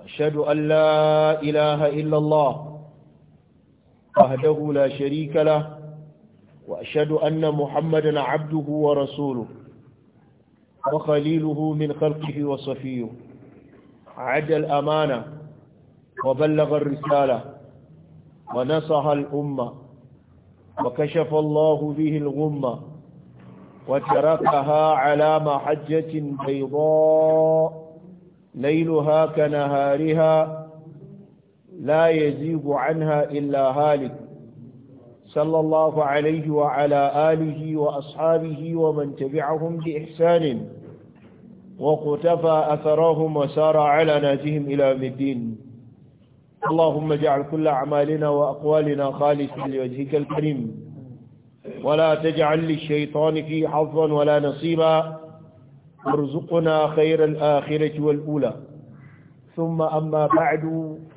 وأشهد أن لا إله إلا الله وحده لا شريك له وأشهد أن محمدا عبده ورسوله وخليله من خلقه وصفيه عد الأمانة وبلغ الرسالة ونصح الأمة وكشف الله به الغمة وتركها على محجة بيضاء ليلها كنهارها لا يزيغ عنها إلا هالك صلى الله عليه وعلى آله وأصحابه ومن تبعهم بإحسان وقتفى أثرهم وسار على ناجهم إلى مدين اللهم اجعل كل أعمالنا وأقوالنا خالصا لوجهك الكريم ولا تجعل للشيطان في حظا ولا نصيبا وارزقنا خير الآخرة والأولى ثم أما بعد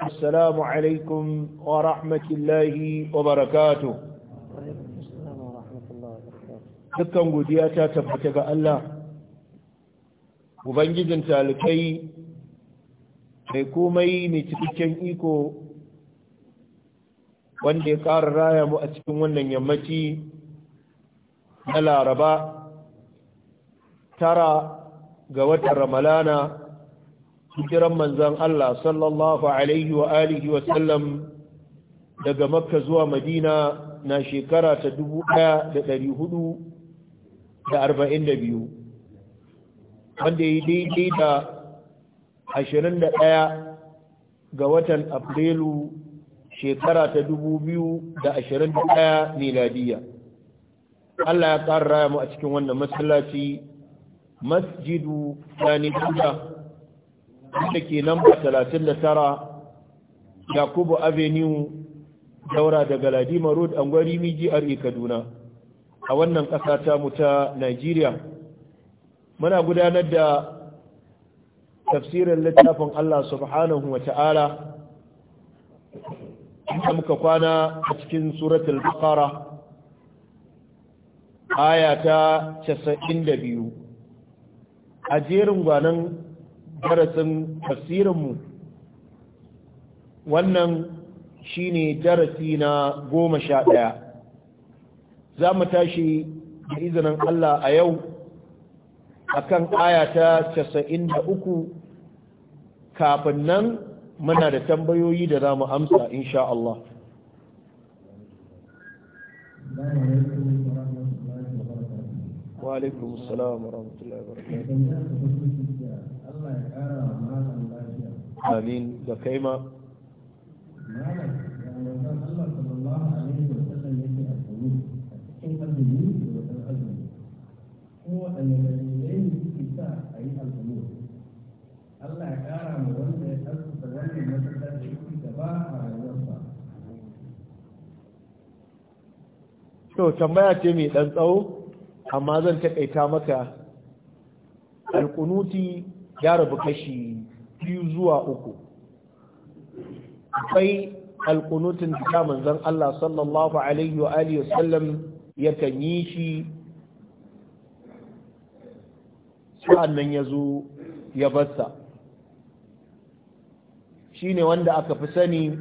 السلام عليكم ورحمة الله وبركاته dukkan godiya ta tabbata ga Allah ubangijin talikai mai komai mai cikakken iko wanda ya ƙara raya mu a cikin wannan yammaci na laraba tara ga watan ramalana hijiran manzan Allah sallallahu alaihi wa alihi wa sallam daga makka zuwa madina na shekara ta biyu, wanda ya daidai da ashirin da ɗaya ga watan afrilu shekara ta ɗaya miladiya Allah ya ƙara mu a cikin wannan masallaci masjidu sani buda wanda ke namba 39 yakubu avenue daura daga ladima road angwari miji are kaduna a wannan ƙasa ta ta nigeria muna gudanar da tafsirin littafin allah subhanahu wa ta'ala inda muka kwana a cikin suratul baqara aya ta 92 a jerin gwanan darasin tafsirinmu wannan shine darasi na goma sha ɗaya za mu tashi da izinin Allah a yau akan kan ta casa'in da uku kafin nan muna da tambayoyi da za mu amsa insha Allah. وعليكم السلام ورحمة الله وبركاته آمين دكيمة هو الذي ليس في ساعة amma zan taƙaita maka alƙunuti ya rabu kashi biyu zuwa uku akwai alƙunutin da manzon Allah sallallahu alaihi wa alihi wasallam yakan yi shi nan ya zo ya basta shi ne wanda aka fi sani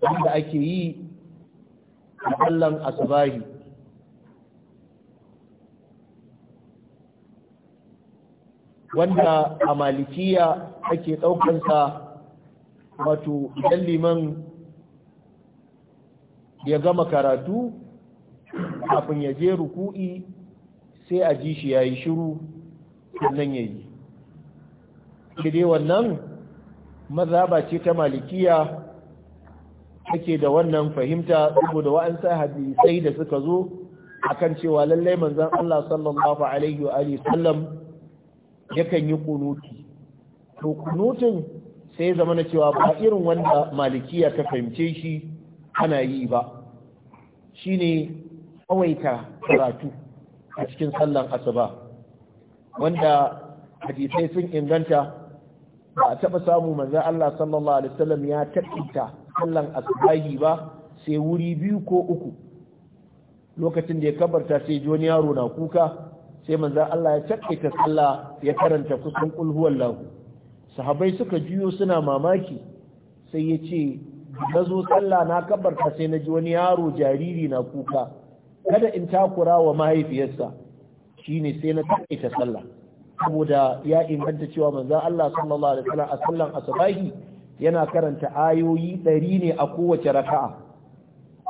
wanda ake yi a ƙallon asibahi wanda a malikiya ake ɗaukansa wato idan liman ya gama karatu kafin ya je ruku'i sai a ji shi ya yi shiru sannan ya yi dai wannan mazaba ce ta malikiya take da wannan fahimta saboda wa'ansu hadisai da suka zo akan cewa lallai manzon Allah sallallahu alaihi wa sallam yakan yi kunuti to kunutin sai zama na cewa ba irin wanda malikiya ta fahimce shi ana yi ba shine kawaita karatu a cikin sallan asuba wanda hadisai sun inganta ba a taɓa samu manzan Allah sallallahu alaihi wasallam ya taƙita sallan asubahi ba sai wuri biyu ko uku lokacin da ya kabarta sai ji yaro na kuka sai manzan Allah ya takaita sallah ya karanta kusan kul huwallahu sahabbai suka juyo suna mamaki sai ya ce na zo sallah na kabarta sai na ji wani yaro jariri na kuka kada in takura wa mahaifiyarsa shine sai na takaita sallah saboda ya inganta cewa manza Allah sallallahu alaihi wasallam a sallan yana karanta ayoyi ɗari ne a kowace raka'a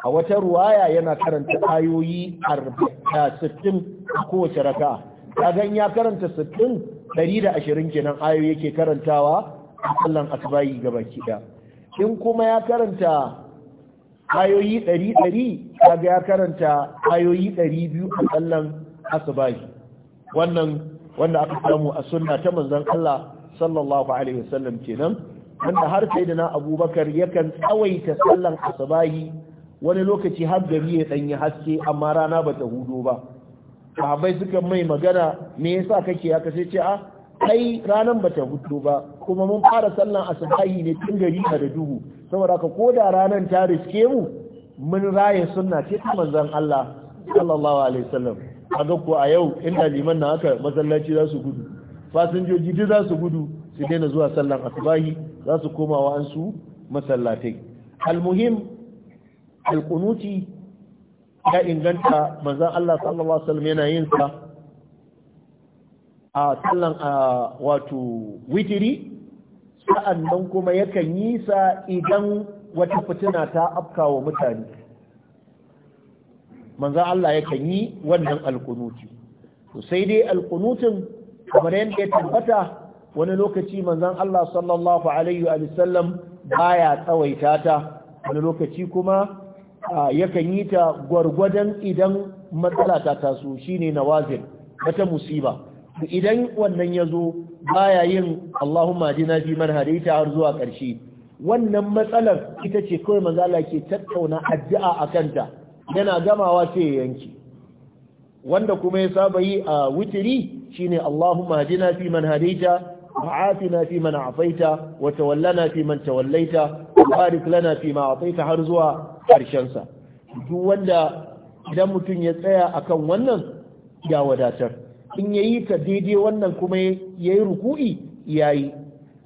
a wata ruwaya yana karanta ayoyi 60 a kowace raka gan ya karanta 60 120 kenan ayoyi yake karantawa a sallan asibayi gabaki daya in kuma ya karanta ayoyi 100 ga ya karanta ayoyi 200 a sallan asibayi. wannan wanda aka samu a sunna ta manzan Allah sallallahu alaihi wasallam kenan wanda har sai da na abubakar yakan tsawaita sallan asibayi. wani lokaci har gari ya danyi haske amma rana ba ta hudo ba sahabbai suka mai magana me yasa kake haka sai ce a kai ranan ba ta hudo ba kuma mun fara sallan asubahi ne tun gari ka da duhu saboda ka koda ranan ta riske mu mun raye sunna ce ta manzon Allah sallallahu alaihi wasallam kaga ko a yau inda liman na haka masallaci za su gudu fasinjoji duk za su gudu su daina zuwa sallan asubahi za su komawa an su masallatai almuhim alƙunuti ya inganta manzan Allah sallallahu Alaihi wasallam yana yin sa a sallan a wato witiri sa'an nan kuma yakan yi sa idan wata fitina ta afkawa mutane manzan Allah yakan yi wannan alƙunuti sai dai alƙunutin kamar yadda ya tabbata wani lokaci manzan Allah sallallahu Alaihi wasallam baya tsawaita ta wani lokaci kuma yakan yi ta gwargwadon idan matsala ta taso shine nawazil wata musiba idan wannan ya zo baya yin Allahumma jina fi man hadaita har zuwa ƙarshe wannan matsalar ita ce kawai manzala ke tattauna addu'a a kanta yana gamawa sai ya yanki wanda kuma ya saba yi a witiri shine Allahumma hadina fi man hadaita وعافنا في من عافيت وتولنا في من توليت fi لنا فيما har zuwa! ƙarshensa duk wanda idan mutum ya tsaya akan wannan ya wadatar in ya yi ta daidai wannan kuma ya yi ruku'i ya yi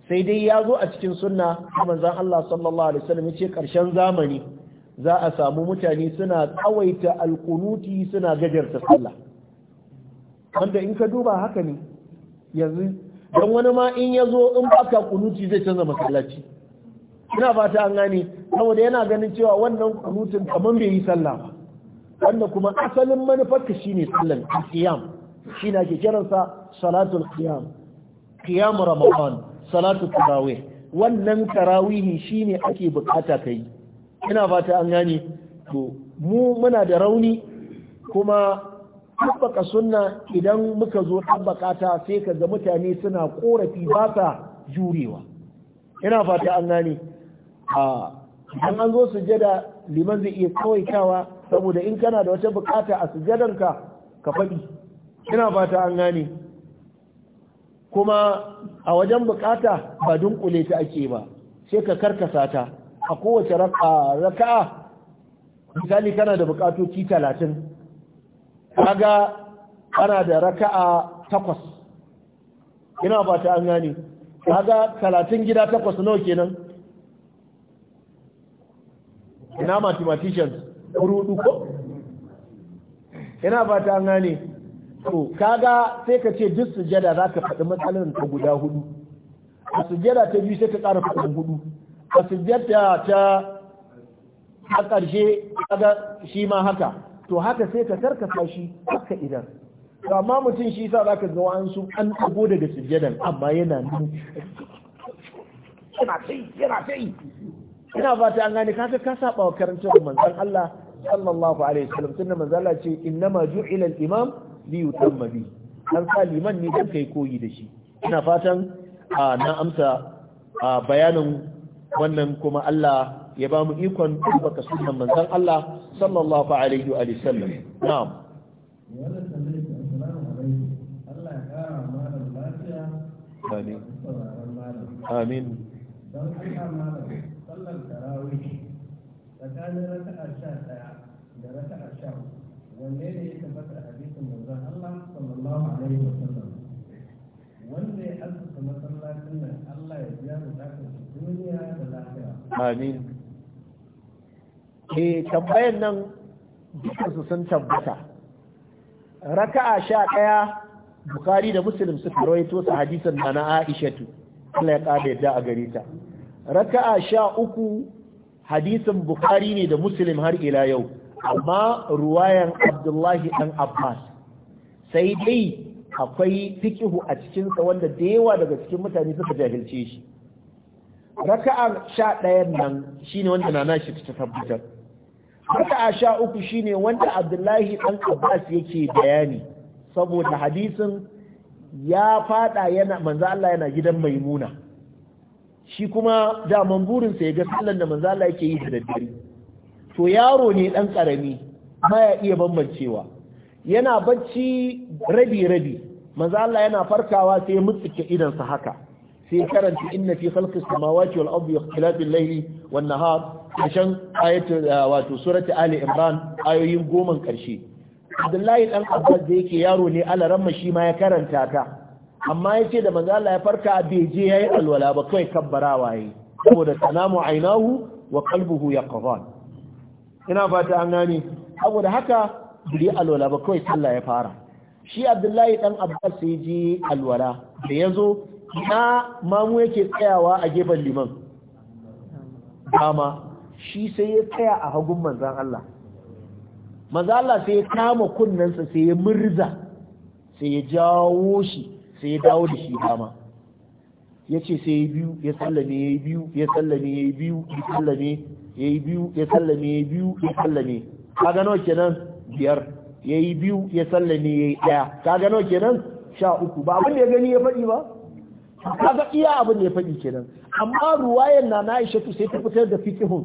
sai dai ya zo a cikin sunna manzan Allah sallallahu alaihi wasallam ya ce ƙarshen zamani za a samu mutane suna tsawaita alkunuti suna gajarta sallah wanda in ka duba haka ne yanzu don wani ma in ya zo in baka kunuti zai canza masallaci ina fata an gane saboda yana ganin cewa wannan kunutun kaman bai yi sallah ba wanda kuma asalin manufarka shine sallan qiyam shi na ke kiransa salatul qiyam qiyam ramadan salatul tarawih wannan tarawih shine ake bukata kai ina fata an gane to mu muna da rauni kuma tabbaka sunna idan muka zo tabbaka ta sai kaga mutane suna korafi ba sa jurewa ina fata an gane a idan an zo sujada liman zai iya kawai kawa saboda in kana da wata bukata a sujadanka ka faɗi ina fata an gane kuma a wajen bukata ba dunkule ta ake ba sai ka karkasa ta a kowace raka'a misali kana da bukatoci talatin kaga ana da raka'a takwas ina fata an gane kaga talatin gida takwas nawa kenan ina mathematicians rudu ko ina ba ta gane to kaga sai ka ce duk sujada za ka faɗi matsalar ta guda hudu a sujada ta biyu sai ka ƙara faɗin hudu a sujada ta a ƙarshe kaga shi ma haka to haka sai ka sarkasa shi haka idan to amma mutum shi sa zaka ga wa'ansu an tsago daga sujadan amma yana nan yana yana ina ba ta an gane kaga ka saba wa karantar manzon Allah sallallahu alaihi wasallam tunda manzon Allah ce innama ju'ila al-imam li yutamma bi an sa liman ne dan kai koyi da shi ina fatan na amsa bayanin wannan kuma Allah ya ba mu ikon tabbata sunnan manzan Allah sallallahu alaihi wa sallam na'am Amin. Amin. Don tsakanin raka'ar sha ɗaya da raka'ar sha wanne ne ya tabbata a hadisin manzon Allah sallallahu alaihi wa sallam wanda ya azuka masallacin nan Allah ya biya bukatar duniya da lafiya amin eh tambayan nan dukansu sun tabbata raka'a sha ɗaya bukari da muslim suka rawaito su hadisan da na aishatu Allah ya kada yadda a gare ta raka'a sha uku hadisin bukhari ne da muslim har ila yau amma ruwayan abdullahi dan abbas sai dai akwai fikihu a cikinsa wanda da yawa daga cikin mutane suka jahilce shi raka'a sha ɗayan nan shine wanda nana shi ta tabbatar raka'a sha uku shine wanda abdullahi dan abbas yake bayani saboda hadisin ya fada yana manzo Allah yana gidan maimuna shi kuma daman burinsa ya ga sallan da manzo Allah yake yi da daddare to yaro ne dan karami ya iya bambancewa yana bacci rabi rabi manzo Allah yana farkawa sai ya mutsuke sa haka sai karanta inna fi khalqis samawati wal ardi ikhtilafi al-layli wan nahar kashan ayatu ah, wato surati ali imran ayoyin goman karshe Abdullahi dan Abbas da yake yaro ne alaran shi ma ya karanta ta amma ya ce da manzo Allah ya farka bai je yayi alwala ba kai kabbara waye saboda tanamu ainahu wa qalbuhu yaqzan ina fata an gane saboda haka bai alwala ba kai sallah ya fara shi Abdullahi dan Abbas sai je alwala da yazo na mamu yake tsayawa a gefen liman dama shi sai ya tsaya a hagun manzan Allah manzan Allah sai ya kama kunnensa sai ya murza sai ya jawo shi sai ya dawo da shi dama ya ce sai ya biyu ya sallame ya yi biyu ya sallame ya yi biyu ya sallame ya yi biyu ya sallame ya yi biyu ya sallame ka gano kenan biyar ya yi biyu ya sallame ya yi daya ka gano kenan sha uku ba abin da ya gani ya faɗi ba ka ga iya abin da ya faɗi kenan amma ruwayan na na aisha sai ta fitar da fikihun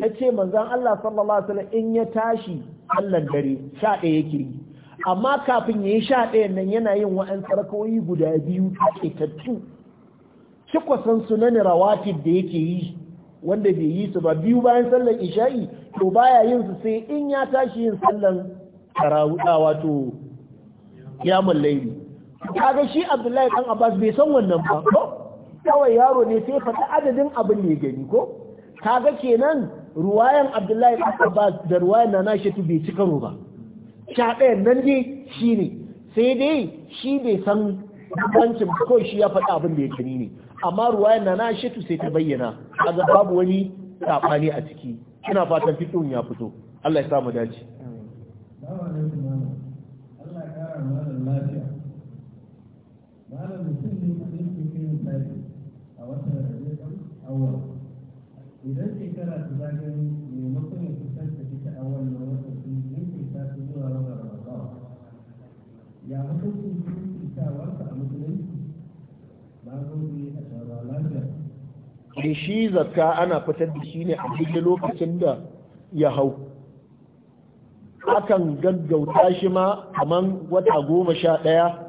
ta ce manzan Allah sallallahu alaihi wasallam in ya tashi Allah dare sha ɗaya yake amma kafin ya yi sha ɗayan nan yana yin wa'an sarkoyi guda biyu shi kwasan sunan rawatib da yake yi wanda bai yi su ba biyu bayan sallar isha'i to baya yin su sai in ya tashi yin sallar tarawuda wato ya mallaili kaga shi abdullahi dan abbas bai san wannan ba ko kawai yaro ne sai faɗi adadin abin da gani ko kaga kenan ruwayan abdullahi dan abbas da ruwayan nana shatu bai cika ruwa? ba sha nan dai shi ne sai dai shi bai san bancin ko shi ya faɗa abin da ya gani ne amma ruwa na na shi sai ta bayyana kaga babu wani saɓani a ciki ina fatan fitowar ya fito Allah ya samu dace idan ya hukuncin fifitawarsa a musulunci na gobe a shara lafiya shi zakka ana fitar da shi ne a cikin lokacin da ya hau akan gaggauta shi ma kaman wata goma sha ɗaya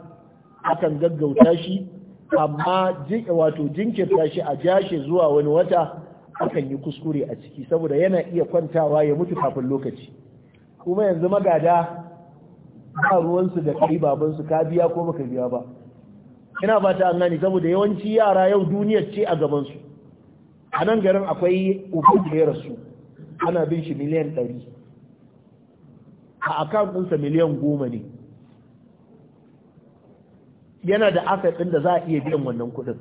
akan gaggauta shi amma wato jinkirta shi a jashe zuwa wani wata akan yi kuskure a ciki saboda yana iya kwantawa ya mutu kafin lokaci kuma yanzu magada ba ruwansu da kai babansu ka biya ko baka biya ba ina fata an gani saboda yawanci yara yau duniya ce a gabansu a nan garin akwai uku da ya rasu ana bin shi miliyan ɗari a akan ɗinsa miliyan goma ne yana da asafin da za a iya biyan wannan kuɗin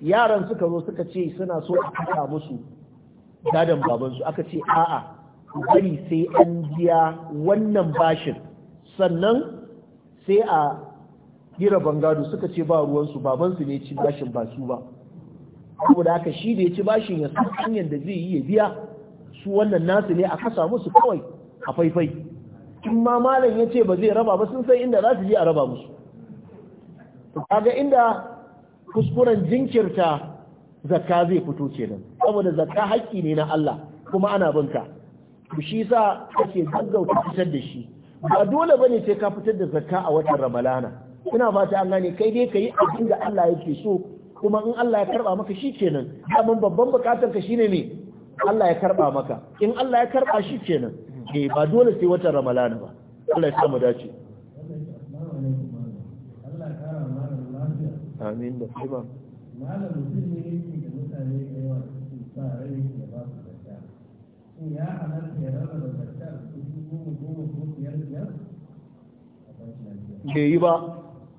yaran suka zo suka ce suna so a kasa musu gadon babansu aka ce a'a bari sai an biya wannan bashin sannan sai a gira bangado suka ce ba ruwansu babansu ne ci bashin ba su ba saboda haka shi da ya ci bashin ya san hanyar da zai yi ya biya su wannan nasu ne a kasa musu kawai a faifai in ma malam ya ce ba zai raba ba sun san inda za su je a raba musu kaga inda kuskuren jinkirta zakka zai fito kenan saboda zakka haƙƙi ne na Allah kuma ana binka shi yasa ake gaggauta fitar da shi ba dole bane sai ka fitar da zakka a watan ramalana ina fata an gane kai dai kai abin da Allah yake so kuma in Allah ya karba maka shikenan amma babban bukatun ka shine me Allah ya karba maka in Allah ya karba shikenan eh ba dole sai watan ramalana ba Allah ya samu dace amin da kuma malam mutum ne yake da mutane da yawa su ba rai da ba su zakka ya halatta ya rarraba zakka su goma goma bai yi ba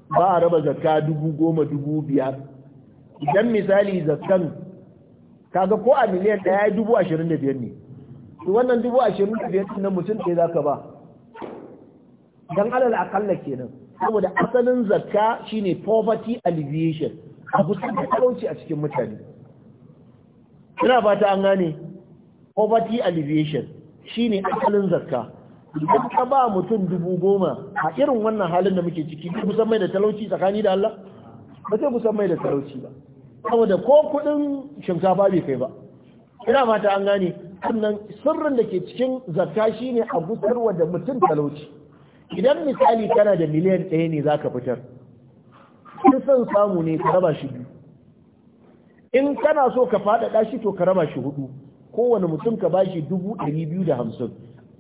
ba a raba zakka dubu goma dubu biyar idan misali zakkan kaga ko a miliyan ɗaya dubu ashirin da biyar ne to wannan dubu ashirin da biyar na mutum ɗaya za ka ba don alal akalla kenan saboda asalin zakka shine poverty alleviation a kusan da talauci a cikin mutane ina fata an gane poverty alleviation shine asalin zakka idan ka ba mutum dubu goma a irin wannan halin da muke ciki ku san mai da talauci tsakani da Allah ba sai ku san mai da talauci ba saboda ko kuɗin shinkafa bai kai ba ina mata an gane sannan sirrin da ke cikin zakka shine a gusarwa da mutum talauci idan misali kana da miliyan ɗaya ne zaka fitar kin son samu ne ka raba shi biyu in kana so ka faɗaɗa shi to ka raba shi hudu kowane mutum ka bashi dubu ɗari biyu da hamsin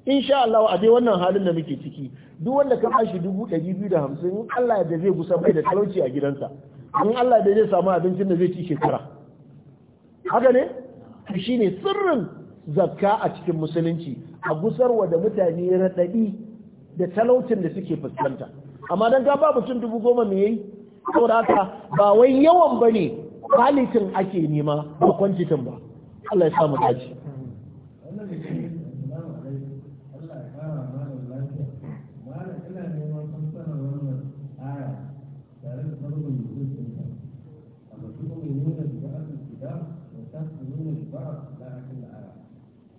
In sha Allah a dai wannan halin da muke ciki duk wanda ka bashi dubu ɗari biyu da hamsin in Allah da zai kusa bai da talauci a gidansa in Allah da zai samu abincin da zai ci shekara haka ne to shine sirrin zakka a cikin musulunci a gusarwa da mutane raɗaɗi da talaucin da suke fuskanta amma dan ka ba mutum dubu goma me yayi saboda haka ba wai yawan bane kwalitin ake nema ba kwantitin ba Allah ya samu dace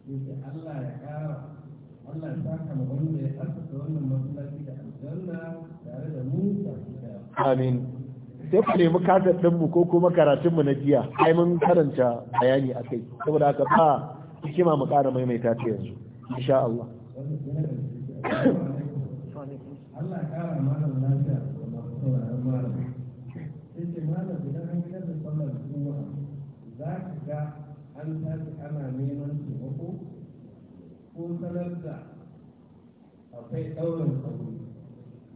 yake Allah ya kara wannan ya saka mu wanda ya asasa wannan masallaci da aljanna tare da mu da amin sai ku nemi kasar ɗinmu ko kuma karatun mu na jiya ai mun karanta bayani a kai saboda haka ba hikima mu ƙara maimaita ta yanzu insha Allah Allah ya ƙara malam lafiya da masu sauraron malam sai ce malam idan an gidan sallar juma'a za ka ga an tashi ana neman ko sanar da akwai ɗaurin aure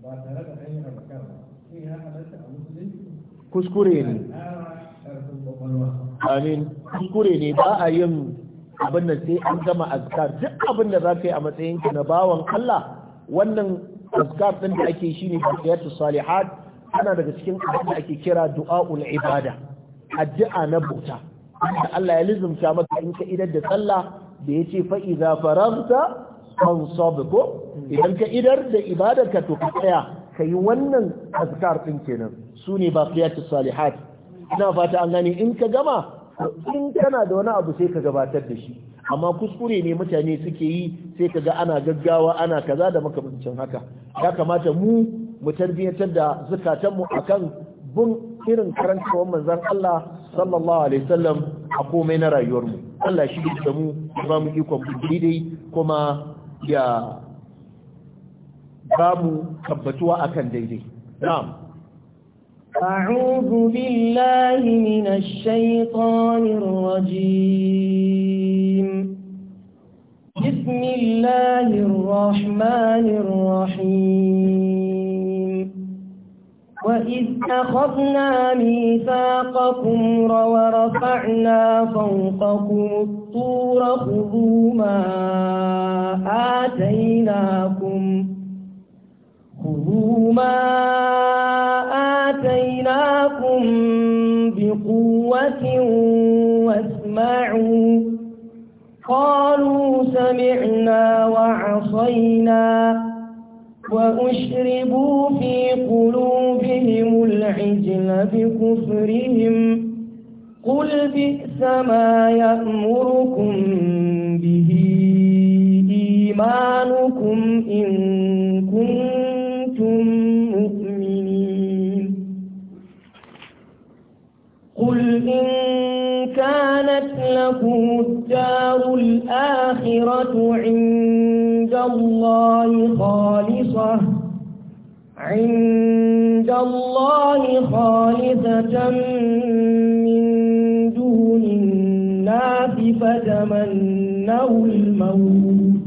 ba tare da an yi abakar ba shi ya halatta a musulunci kuskure ne amin kuskure ne ba a yin abin da sai an gama azkar duk abin da za ka yi a matsayinka na bawan Allah wannan azkar din da ake shi ne baqiyatu salihat ana daga cikin abin da ake kira du'aul ibada addu'a na bauta da Allah ya lizumta maka in ka idar da sallah da ya ce fa'iza fararta fansab ko idan ka idar da ibadarka to ka tsaya ka yi wannan azkar ɗin kenan su ne ba fiyatu salihat ina fata an gani in ka gama in kana da wani abu sai ka gabatar da shi amma kuskure ne mutane suke yi sai ka ga ana gaggawa ana kaza da makamancin haka ya kamata mu mu tarbiyyantar da zukatanmu akan bin irin karantawar manzon Allah sallallahu alaihi wasallam a komai na rayuwarmu Allah shi da mu ba mu ikon kuma ya ba tabbatuwa akan daidai na'am a'udhu billahi minash rajim bismillahir rahmanir وإذ أخذنا ميثاقكم ورفعنا فوقكم الطور خذوا ما آتيناكم خذوا ما آتيناكم بقوة واسمعوا قالوا سمعنا وعصينا وأشربوا في قُلُوبِهِمْ بكفرهم قل بئس ما يأمركم به إيمانكم إن كنتم مؤمنين قل إن كانت لكم الدار الآخرة عند الله خالصة عند عند الله خالصة من دون الناس فتمنوا الموت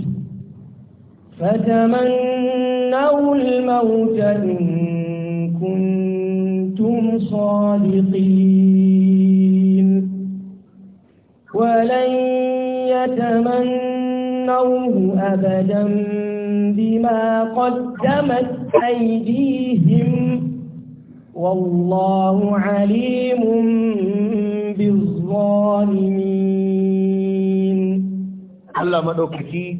فتمنوا الموت إن كنتم صادقين ولن يتمنوه أبدا بما قدمت أيديهم والله عليم بالظالمين Allah مدوكتي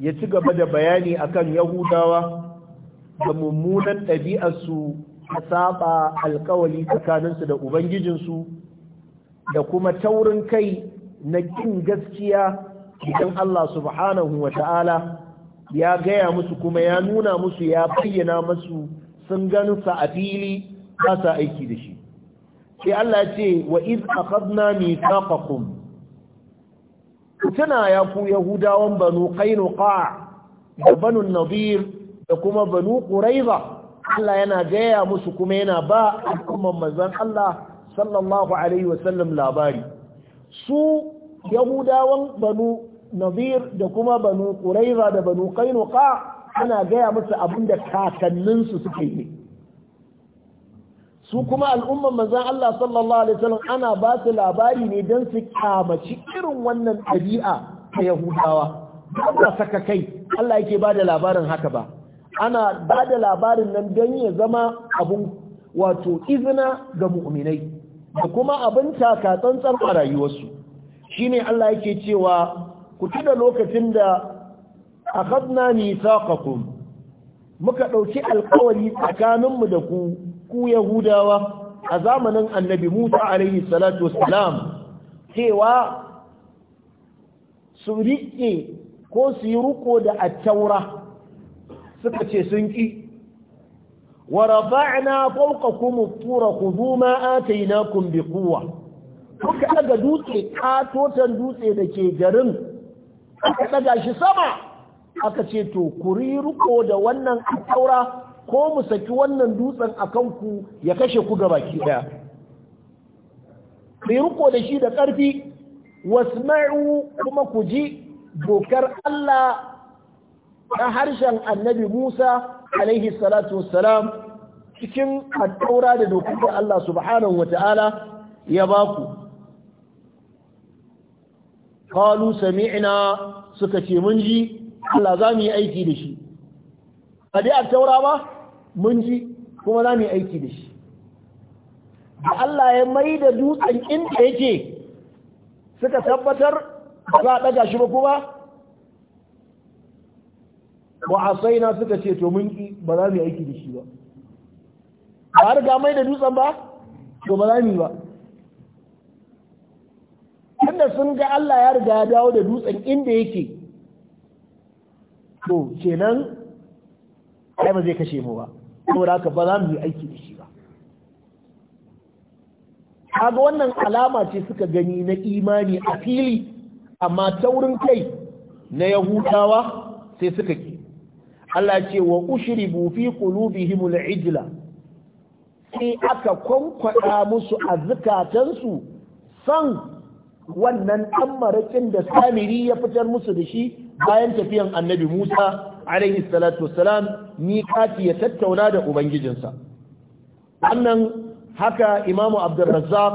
ya ci gaba da bayani akan yahudawa da mummunan ɗabi'arsu a saba alkawali tsakaninsu da ubangijinsu da kuma taurin kai na kin gaskiya idan Allah subhanahu wa ta'ala ya gaya musu kuma ya nuna musu ya bayyana musu sun gansa a fili ba sa aiki da shi sai Allah ce wa iz akhadna mithaqakum tana ya ku yahudawan banu qainuqa da banu nadir da kuma banu quraiza Allah yana gaya musu kuma yana ba al'umman manzon Allah sallallahu alaihi wasallam labari su yahudawan banu nadir da kuma banu quraiza da banu qainuqa ana gaya musu abin da kakanninsu suke yi su kuma al'umman manzan Allah sallallahu alaihi wasallam ana ba su labari ne don su kamaci irin wannan ɗabi'a ta Yahudawa ba saka kai Allah yake ba da labarin haka ba ana ba da labarin nan don ya zama abun wato izina ga mu'minai da kuma abin taka tsantsan a rayuwarsu shine Allah yake cewa ku tuna lokacin da akhadna mithaqakum muka dauki alƙawari tsakaninmu da ku ku yahudawa a zamanin annabi Musa alaihi salatu wassalam cewa su riƙe ko su yi ruko da attaura suka ce sun ƙi wa rafa'na fawqakum at-tura khudhu ma ataynakum biquwwa kuka daga dutse katotan dutse da ke garin aka daga shi sama aka ce to ku riko da wannan aura ko mu saki wannan dutsen a kanku ya kashe ku gabaki daya ku riko da shi da ƙarfi wasma'u kuma ku ji dokar Allah ta harshen annabi Musa alaihi salatu wassalam cikin addaura da dokar Allah subhanahu wa ta'ala ya ba ku qalu sami'na suka ce mun ji Allah za mu yi aiki da shi a dai a taura ba mun ji kuma za mu yi aiki da shi da Allah ya mai da dutsen inda yake suka tabbatar za a ɗaga shi ba kuma wa'asai na suka ce to mun ki ba za mu yi aiki da shi ba ba riga mai da dutsen ba to ba za mu yi ba tunda sun ga Allah ya riga ya dawo da dutsen inda yake to kenan ai ba zai kashe mu ba saboda haka ba za mu yi aiki da shi ba kaga wannan alama ce suka gani na imani a fili amma taurin kai na yahudawa sai suka ki Allah ce wa ushribu fi qulubihim al-ijla sai aka kwankwada musu a zukatansu san wannan ɗan da samiri ya fitar musu da shi bayan tafiyan annabi Musa alaihi salatu wassalam kati ya tattauna da ubangijinsa wannan haka imamu abdurrazzaq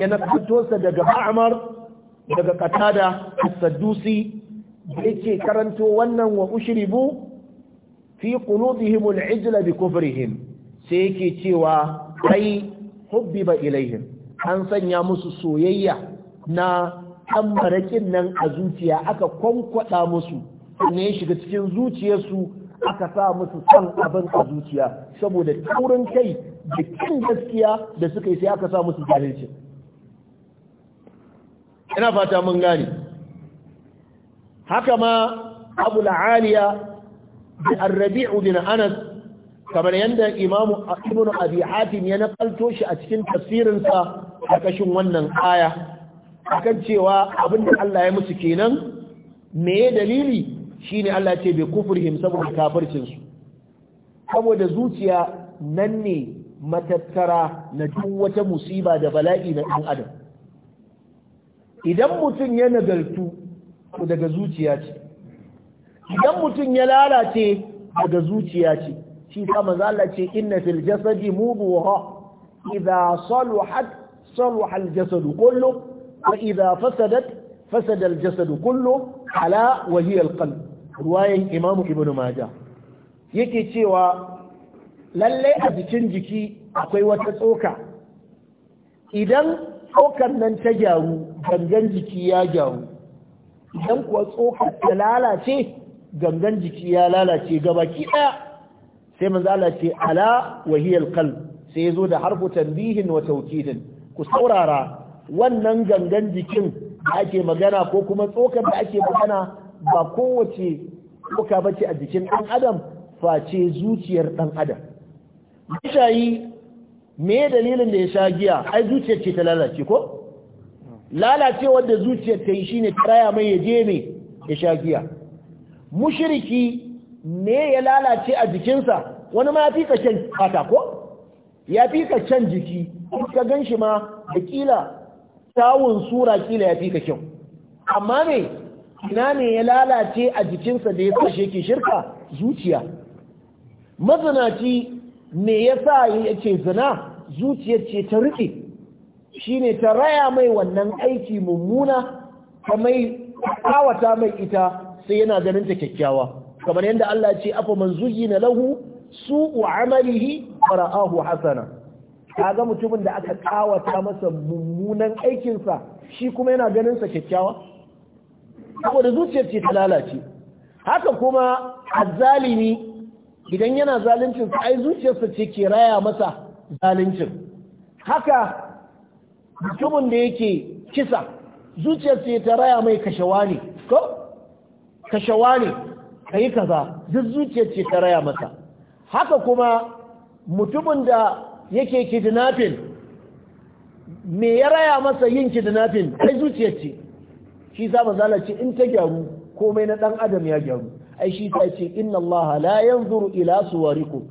ya nakalto sa daga Ba'amar daga qatada as-saddusi yake karanto wannan wa ushribu fi qulubihim al-ijla bi kufrihim sai yake cewa ai hubbiba ilaihim an sanya musu soyayya na ɗan maraƙin nan a zuciya aka kwankwaɗa musu ne ya shiga cikin zuciyarsu aka sa musu san abin a zuciya saboda taurin kai da kin gaskiya da suka yi sai aka sa musu jahilci ina fata mun gane haka ma abu la'aliya da arrabi'u bin anas kamar yadda imamu ibnu abi hatim ya nakalto shi a cikin tafsirinsa a kashin wannan aya akan cewa abin da Allah ya musu kenan me dalili shine Allah ce bai kufurhim saboda kafircin su saboda zuciya nan ne matattara na duk wata musiba da bala'i na ɗan adam idan mutum ya nagartu daga zuciya ce idan mutum ya lalace daga zuciya ce shi ta maza ce inna fil jasadi mudghah idza saluhat saluha jasadu kullum. وإذا فسدت فسد الجسد كله على وهي القلب رواية إمام ابن ماجه yake cewa lallai a jikin jiki akwai wata tsoka idan tsokar nan ta gyaru gangan jiki ya gyaru idan kuwa tsokar ta lalace gangan jiki ya lalace gaba, ɗaya sai manzo Allah ce ala wahiyal qalb sai yazo da harfu tanbihin wa tawkidin ku saurara wannan gangan jikin da ake magana ko kuma tsokar da ake magana ba kowace tsoka ce a jikin ɗan adam face zuciyar ɗan adam mashayi me dalilin da ya sha giya ai zuciyar ce ta lalace ko lalacewar da zuciyar ta yi shine karaya mai ya je me ya sha giya mushiriki me ya lalace a jikinsa wani ma ya fi kacen fata ko ya fi ka can jiki ka gan shi ma da kila kyawun sura kila ya fi ka kyau amma ne ina ne ya lalace a jikinsa da ya kashe ke shirka zuciya mazanaci me yasa yake zina zuciyar ce ta rike Shi ne ta raya mai wannan aiki mummuna ta mai kawata mai ita sai yana ganin ta kyakkyawa kamar yadda Allah ce afa man na lahu su'u amalihi fara'ahu hasana kaga mutumin da aka kawata masa mummunan aikinsa shi kuma yana ganin sa kyakkyawa saboda zuciyar ce ta lalace haka kuma a zalimi. idan yana zalincin sa ai zuciyarsa ce ke raya masa zalincin. haka mutumin da yake kisa zuciyar ce ta raya mai kashewa ne ko kashewa ne kayi kaza duk zuciyar ce ta raya masa haka kuma mutumin da yake kidnapping me ya raya masa yin kidnapping ai zuciyar ce shi sa manzala ce in ta gyaru komai na dan adam ya gyaru ai shi ta ce inna allaha la yanzuru ila suwarikum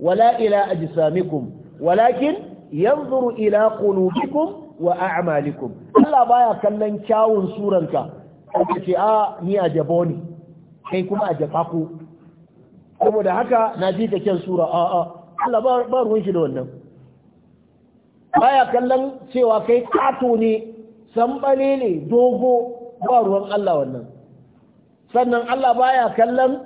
wala ila ajsamikum walakin yanzuru ila qulubikum wa a'malikum Allah baya kallon kyawun suranka ka ce a ah, ni a jaboni kai kuma a jaba saboda haka na ji ka kyan sura a a Allah ba ruwan shi da wannan baya kallon cewa kai kato ne sambale ne dogo ba ruwan Allah wannan sannan Allah baya kallon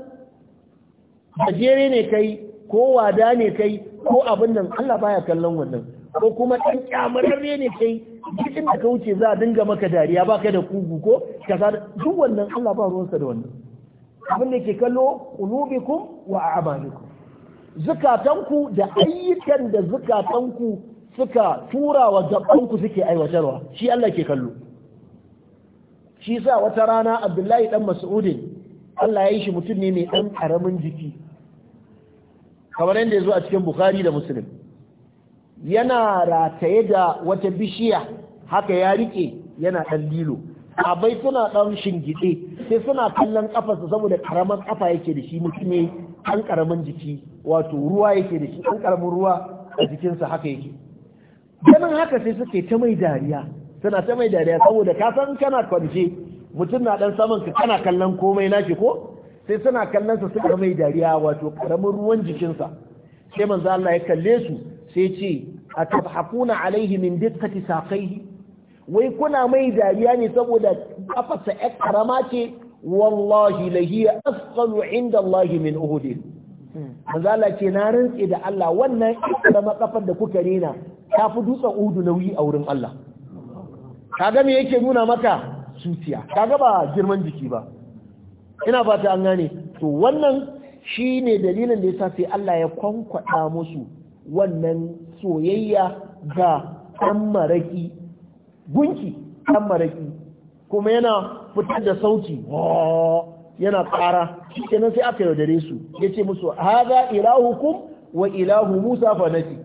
gajere ne kai ko wada ne kai ko abin nan Allah baya kallon wannan ko kuma ɗan kyamararre ne kai duk inda ka wuce za a dinga maka dariya ba kai da kugu ko sa duk wannan Allah ba ruwansa da wannan abin da ke kallo qulubikum wa a'malikum zukatanku da ayyukan da zukatanku suka tura wa gabanku suke aiwatarwa shi Allah ke kallo shi sa wata rana Abdullahi dan Mas'udin Allah ya yi shi mutum ne mai dan karamin jiki kamar yadda ya zo a cikin Bukhari da Muslim yana rataye da wata bishiya haka ya rike yana dan lilo abai suna dan shingide sai suna kallon kafarsa saboda karamar kafa yake da shi mutum ne ɗan ƙaramin jiki wato ruwa yake da shi ɗan ƙaramin ruwa a jikinsa haka yake ganin haka sai suke ta mai dariya tana ta mai dariya saboda ka san kana kwance mutum na ɗan saman ka kana kallon komai nashi ko sai suna kallon sa suka mai dariya wato ƙaramin ruwan jikinsa sai manzo Allah ya kalle su sai ce atafhakuna alaihi min dikkati saqaihi wai kuna mai dariya ne saboda kafarsa ƴar karama ce wallahi lahiya asqalu inda الله min uhud manzo Allah ce na rantse da Allah wannan da makafar da kuka rena ta fi dutsen udu nauyi a wurin Allah kaga me yake nuna maka zuciya kaga ba girman jiki ba ina fata an gane to wannan shine dalilin da yasa sai Allah ya kwankwada musu wannan soyayya ga ɗan maraki gunki ɗan maraki kuma yana fitar da sauti yana ƙara kenan sai aka yaudare su Ya ce musu haza kum wa ilahu Musa fa nafi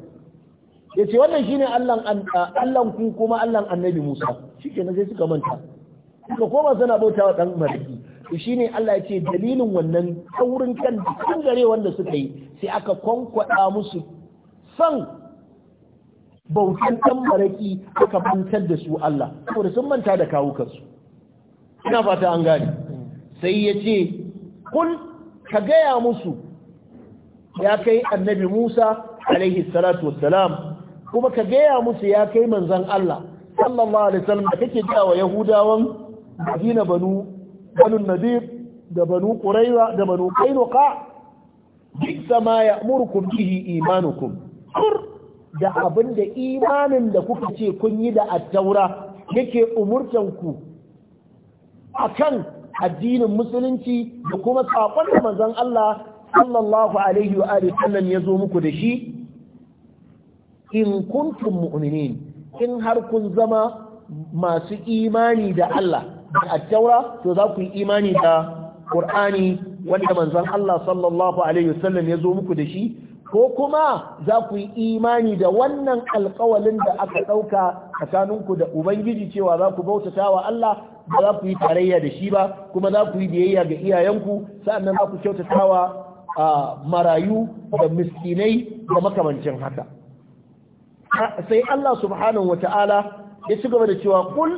ce wannan shine Allahn Allahn ku kuma allan Annabi Musa nan sai suka manta suka koma suna bautawa ɗan maraki to shine Allah ce dalilin wannan taurin kan cikin gare wanda suka yi sai aka kwankwada musu san bautan ɗan mariki aka bantar da su Allah saboda sun manta da kawukansu ina fata an gani sai ya ce kun ka gaya musu ya kai annabi musa alaihi salatu wassalam kuma ka gaya musu ya kai manzan allah sallallahu alaihi wasallam da kake ga wa yahudawan madina banu banu nadir da banu quraiza da banu qainuqa bisa ma ya'murukum bihi imanukum kur da abin imanin da kuka ce kun yi da at attaura yake umurtanku akan addinin musulunci da kuma saƙon da manzon Allah sallallahu alaihi wa alihi sallam ya zo muku da shi in kuntum mu'minin in har kun zama masu imani da Allah da attaura to za ku yi imani da Qur'ani wanda manzon Allah sallallahu alaihi sallam ya zo muku da shi ko kuma za ku yi imani da wannan alkawalin da aka ɗauka tsakaninku da ubangiji cewa za ku bautata wa Allah ba za ku yi tarayya da shi ba kuma za ku yi biyayya ga iyayenku sa'annan za ku kyautata wa marayu da miskinai da makamancin haka sai Allah subhanahu wata'ala ya ci gaba da cewa kul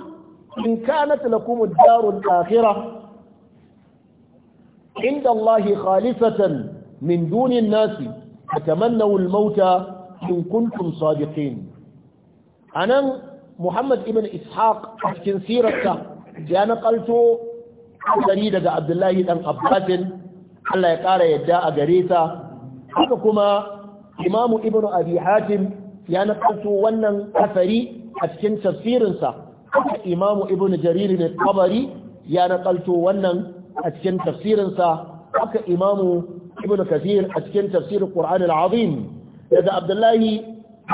in kanat lakum ad-darul akhirah inda Allah khalisatan min dunin nasi fatamannaw al-mauta in kuntum sadiqin anan Muhammad ibn Ishaq a cikin sirarsa ya nakalto gari daga Abdullahi dan Abbasin Allah ya ƙara yadda a gare ta haka kuma imamu ibn abi hatim ya nakalto wannan asari a cikin tafsirinsa haka imamu ibn jarir ne tabari ya nakalto wannan a cikin tafsirinsa haka imamu ibn kathir a cikin tafsirin qur'an al-azim daga abdullahi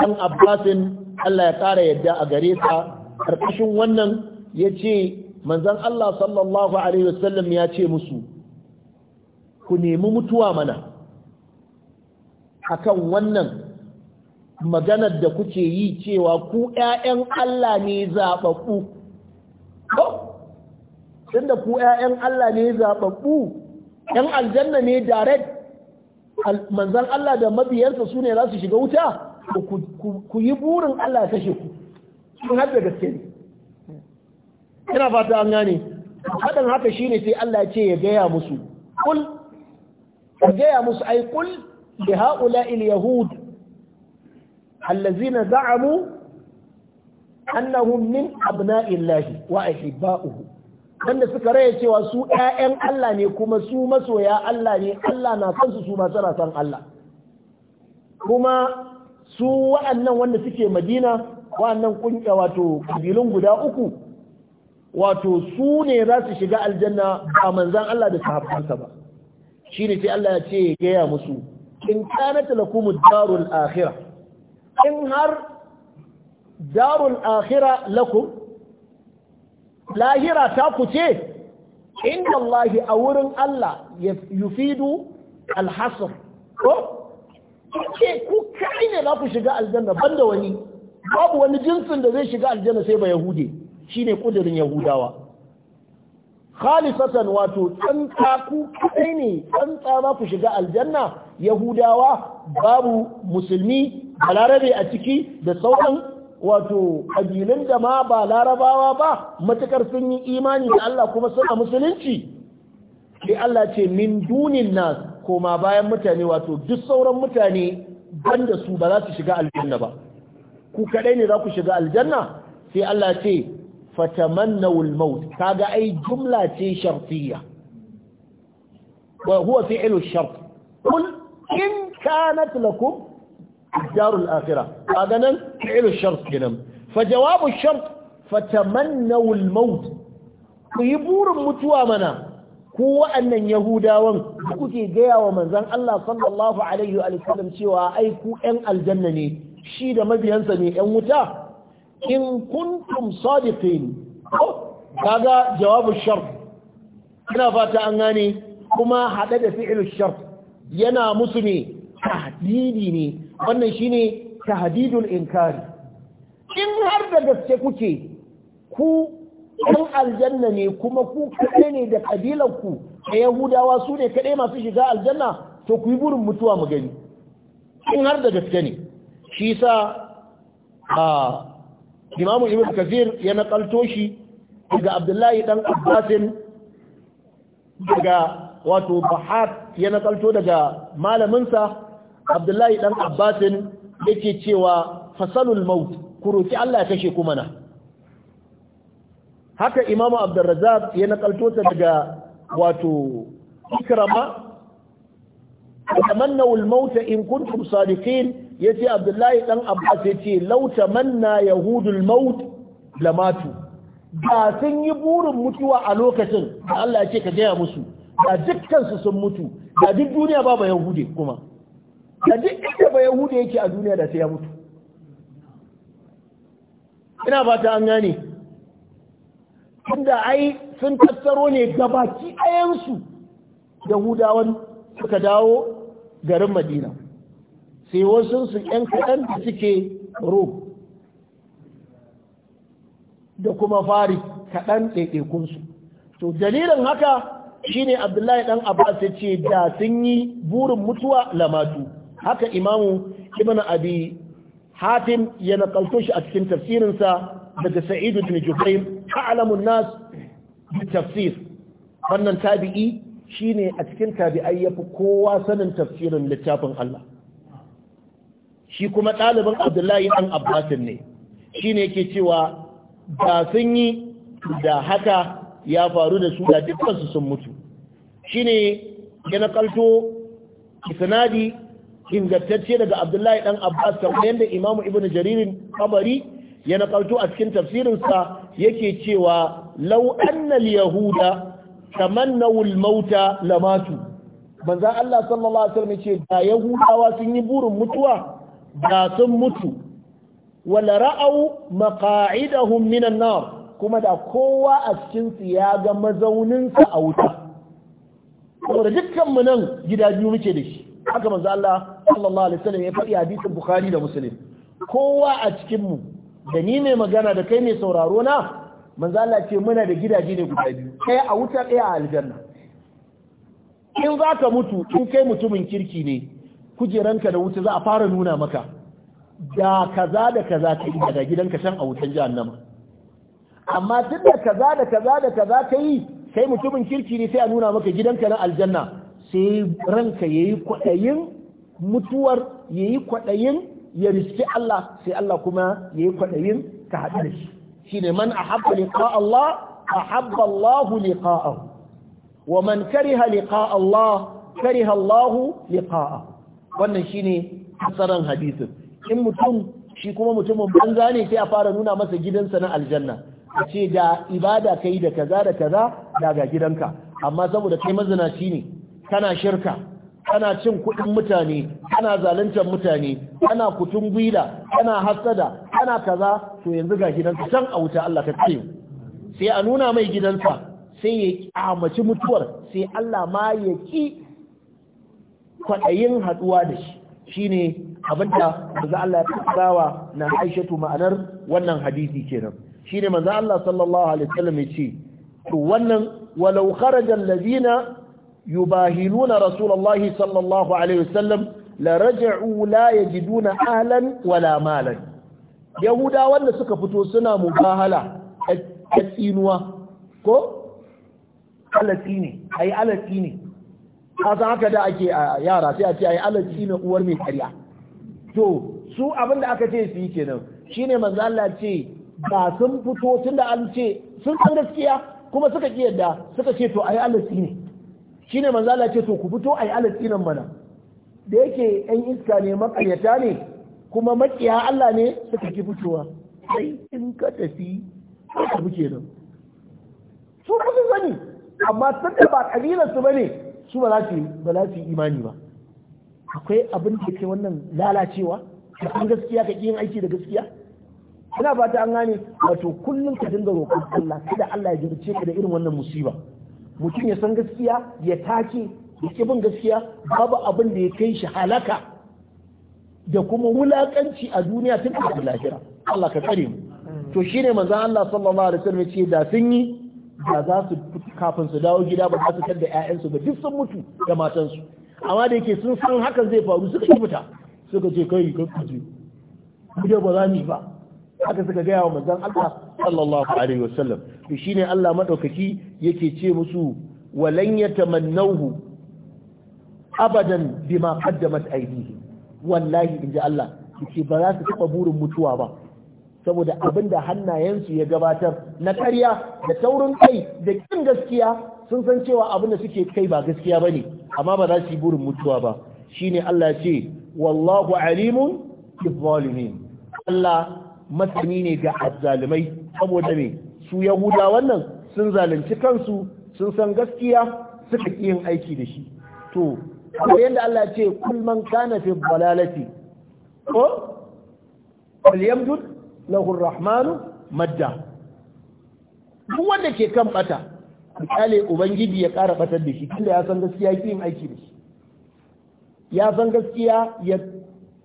an abbasin Allah ya kara yadda a gare sa karkashin wannan yace manzon Allah sallallahu alaihi wasallam ya ce musu ku nemi mutuwa mana akan wannan maganar da kuke yi cewa ku ƴaƴan Allah ne zaɓaɓɓu. Tunda ku ‘ya'yan Allah ne zaɓaɓɓu, ‘yan aljanna ne direct manzan Allah da mabiyarsa su ne za su shiga wuta ku yi burin Allah ya ku sun har gaske ne ina fata an gane haɗin haka shine sai Allah ce ya gaya musu kul ya gaya musu ai kul bi haula il yahud allazina za'amu annahum min abna'illahi wa ahibba'uhu wanda suka raya cewa su ‘ya'yan Allah ne kuma su masoya Allah ne Allah na kansu su masu rasan Allah kuma su wa'annan wanda suke madina wa'annan kunya wato kabilun guda uku wato su ne za su shiga aljanna ba manzan Allah da sahabbansa ba shi ne sai Allah ya ce gaya musu in kanata lakumud darul akhirah in har darul akhirah lakum lahira ta ku ce Allahi a wurin Allah yufidu alhasr ko ce ku kai ne za ku shiga aljanna banda wani babu wani jinsin da zai shiga aljanna sai ba yahude shine kudirin yahudawa Khalifatan wato tsanta ku kai ne tsanta za ku shiga aljanna yahudawa babu musulmi balarabe a ciki da sauran wato ƙabilun da ma ba larabawa ba matukar sun yi imani da Allah kuma suna musulunci sai Allah ce min dunin nas koma bayan mutane wato duk sauran mutane banda su ba za su shiga aljanna ba ku kadai ne za ku shiga aljanna sai Allah ce fatamannawul maut kaga ai jumla ce shartiyya wa huwa fi'lu shart kul in kanat lakum darul akhirah kaga nan fi'lu shart kenan fa jawabu shart fatamannaw al maut ku yi burin mutuwa mana ku wa'annan yahudawan kuke gaya wa manzon Allah sallallahu alaihi wa sallam cewa ai ku ƴan aljanna ne shi da mabiyansa ne ƴan wuta in kuntum sadiqin kaga jawabu shart ina fata an gane kuma haɗe da fi'lu shart yana musu ne tahdidi ne wannan shi ne tahadidul inkari in har da gaske kuke ku ɗan aljanna ne kuma ku kaɗai ne da ƙabilanku a yahudawa su ne kaɗai masu shiga aljanna to ku yi burin mutuwa mu gani in har da gaske ne shi sa a imamu ibn kafir ya naƙalto shi daga abdullahi ɗan abbasin daga wato bahar ya naƙalto daga malaminsa abdullahi dan abbasin yake cewa fasalul maut ku roki Allah ya kashe kuma na. haka imamu abdurrazzaq ya nakalto daga wato ikrama tamannaw al-maut in kuntum sadiqin yace abdullahi dan abbas yace law tamanna yahudul maut lamatu da sun yi burin mutuwa a lokacin da Allah ya ce ka gaya musu da dukkan su sun mutu da duk duniya babu yahudi kuma da duk inda ba yahudu yake a duniya da sai ya mutu ina ba ta an gane tunda ai sun tattaro ne gabaki ɗayansu yahudawan suka dawo garin madina sai wasu su yan kaɗan da suke ro da kuma fari kaɗan ɗaiɗaikunsu to dalilin haka shine abdullahi ɗan abbas ya ce da sun yi burin mutuwa lamatu haka imamu ibn abi hatim ya nakalto shi a cikin tafsirinsa daga sa'id ibn jubair a'lamun nas bi tafsir wannan tabi'i shine a cikin tabi'ai yafi kowa sanin tafsirin littafin Allah shi kuma ɗaliban Abdullahi dan Abbas ne shine yake cewa ba sun yi da haka ya faru da su da dukkan su sun mutu shine ya nakalto isnadi ingantacce daga Abdullahi dan Abbas kamar yadda Imam Ibn Jaririn Tabari ya nakalto a cikin tafsirinsa yake cewa law yahuda tamannaw al lamatu manzo Allah sallallahu alaihi wasallam yace da yahudawa sun yi burin mutuwa da sun mutu wala ra'au maqa'idahum min nar kuma da kowa a cikin su ya ga mazauninsa a wuta saboda dukkanmu nan gida biyu muke da shi haka manzo Allah sallallahu alaihi wasallam ya faɗi hadisin Bukhari da Muslim kowa a cikin mu da ni mai magana da kai mai sauraro na manzo Allah ce muna da gidaje ne guda biyu Kai a wuta ɗaya a aljanna in za ka mutu in kai mutumin kirki ne kujeranka da wuta za a fara nuna maka da kaza da kaza ka yi daga gidanka can a wutan jahannama amma duk da kaza da kaza da kaza ka yi kai mutumin kirki ne sai a nuna maka gidanka na aljanna sai ranka yayi kwaɗayin mutuwar yayi kwaɗayin ya riski Allah sai Allah kuma yayi kwaɗayin ka haɗu da shi shine man haɓa liƙa Allah ahabba Allah liƙa'a. wa man kariha liƙa Allah kariha Allahu liƙa'a. wannan ne asaran hadisin in mutum shi kuma mutumin banza ne sai a fara nuna masa gidansa na aljanna a ce da ibada kai da kaza da kaza daga gidanka amma saboda kai mazinaci ne kana shirka kana cin kuɗin mutane kana zaluntar mutane kana kutun gwila kana hasada kana kaza to yanzu ga gidansa can a wuta Allah ka ce sai a nuna mai gidansa sai ya kyamaci mutuwar sai Allah ma ya ki kwaɗayin haɗuwa da shi shine abinda manzo Allah ya tsarawa na Aishatu ma'anar wannan hadisi kenan shine manzo Allah sallallahu alaihi wasallam ya ce to wannan walau kharaja alladhina yubahiluna na sallallahu alaihi wasallam la raj'u la yajiduna ahlan wala malan yahuda wanda suka fito suna mubahala katsinuwa ko alati ne ai alati ne kaza haka da ake a yara sai a ce ai alati ne uwar mai kariya to su abinda aka ce suyi kenan shine manzo Allah ce ba sun fito tunda an ce sun san gaskiya kuma suka ki yadda suka ce to ai alati ne shine manzo Allah ce to ku fito ai dinan mana da yake yan iska ne makaryata ne kuma makiya Allah ne suka ki fitowa sai in ka tafi ka buke nan su ba su sani amma sun da ba kabilar su bane su ba za su ba za su imani ba akwai abin da ke wannan lalacewa da an gaskiya ka yin aiki da gaskiya ina fata an gane wato kullum ka dinga roƙon Allah kada Allah ya jirce ka da irin wannan musiba mutum ya san gaskiya ya take ya ki bin gaskiya babu abin da ya kai shi halaka da kuma wulakanci a duniya tun da lahira Allah ka tsare mu to shine manzo Allah sallallahu alaihi wasallam ce da sun yi da za su kafin su dawo gida ba za su tar da ƴaƴansu ba duk sun mutu da matansu amma da yake sun san hakan zai faru suka yi fita suka ce kai ka kuje kuje ba za ni ba haka suka gaya wa manzon Allah sallallahu alaihi wasallam to shine Allah madaukaki yake ce musu walan yatamannahu abadan bima qaddamat aydihi wallahi inji Allah yake ba za su taba burin mutuwa ba saboda abinda hannayensu ya gabatar na ƙarya da taurin kai da kin gaskiya sun san cewa abinda suke kai ba gaskiya bane amma ba za su yi burin mutuwa ba shine Allah ce wallahu alimun bi zalimin Allah masani ne ga azzalimai saboda me su yahuda wannan sun zalunci kansu sun san gaskiya suka yin aiki da shi to kamar yadda Allah ce kul man kana fi dalalati ko wal yamdud lahu arrahmanu madda duk wanda ke kan bata misali ubangiji ya kara batar da shi tunda ya san gaskiya yake yin aiki da shi ya san gaskiya ya